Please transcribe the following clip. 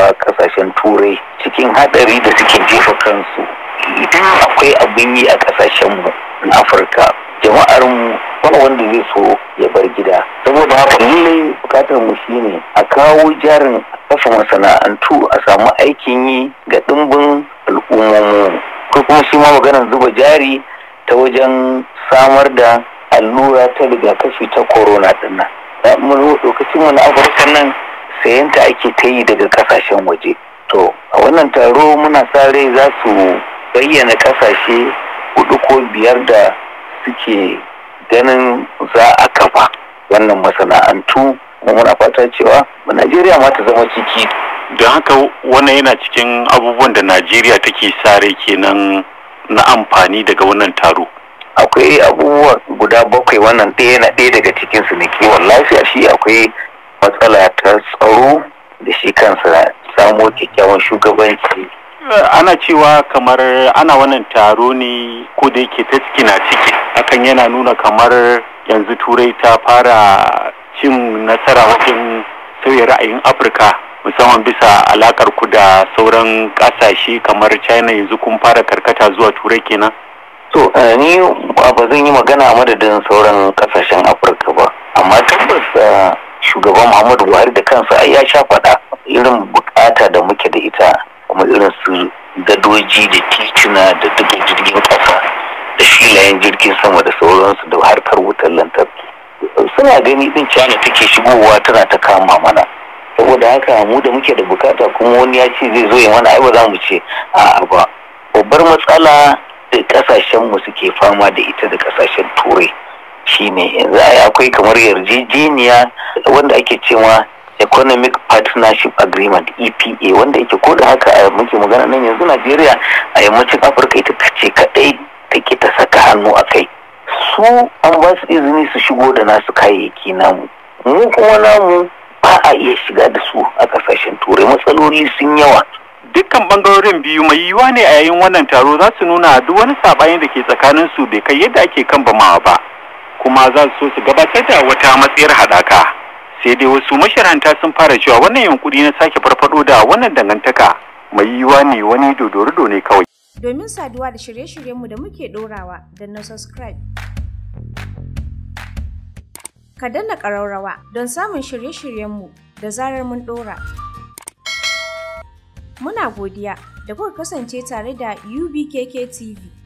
a kasashen turai cikin hadari da suke jefa kansu idan akwai abin yi a kasashenmu na afirka jama'ar mu wani wanda zai so ya bar gida saboda haka lallai bukatar mu shine a kawo jarin kafa masana'antu a samu aikin yi ga dimbin al'ummomu. ko kuma shi ma maganar zuba jari ta wajen samar da allura ta rigakafi ta corona dinnan. nan. Mun na wani afirka nan sayanta ake ta yi daga kasashen waje to a wannan taro muna sa rai za su bayyana kasashe hudu ko biyar da suke ganin za a kafa wannan masana'antu kuma muna fata cewa najeriya ma ta zama ciki don haka wannan yana cikin abubuwan da najeriya take sare kenan na amfani daga wannan taro akwai abubuwa guda bakwai wannan ɗaya na ɗaya daga cikinsu ne kiwon lafiya shi akwai matsala ta tsaro da shi kansa samo kyakkyawan shugabanci ana cewa kamar ana wannan taro ne ko da yake ta ciki na ciki hakan yana nuna kamar yanzu turai ta fara cin nasara wajen sauya ra'ayin afirka musamman bisa alakar ku da sauran kasashe kamar china yanzu kun fara karkata zuwa turai kenan to eh, ni ba zan yi magana madadin sauran kasashen afirka ba amma tabbas eh, shugaban muhammadu buhari da kansa ai ya sha faɗa irin bukata da muke da ita kuma irin su gadoji da tituna da duk jirgin ƙasa da filayen jirgin sama da sauransu da harkar wutar lantarki suna gani din cana take shigowa tana ta kama mana saboda haka mu da muke da bukata kuma wani ya ce zai zo ya mana ai ba za mu ce a'a ba babbar matsala da kasashen mu suke fama da ita da kasashen turai shine yanzu ai akwai kamar yarjejeniya wanda ake cewa economic partnership agreement epa wanda yake ko da haka a muke magana nan yanzu najeriya a yammacin afirka ita ce kadai take ta saka hannu a kai su an ba su izini su shigo da nasu kayayyaki namu mu kuma namu ba a iya shiga da su a kasashen turai matsaloli sun yawa dukkan bangarorin biyu mai yiwuwa ne a yayin wannan taro za su nuna duk wani saɓani da ke tsakanin su bai kai yadda ake kan ba kuma za su so su gabatar da wata matsayar haɗaka sai dai wasu masharanta sun fara cewa wannan yankuri na sake farfado da wannan dangantaka mai yiwuwa ne wani dodorido ne kawai domin saduwa da shirye-shiryenmu da muke ɗorawa da na subscribe ka danna ƙaraurawa don samun shirye-shiryenmu da zarar mun ɗora. muna godiya da kuka kasance tare da ubkk tv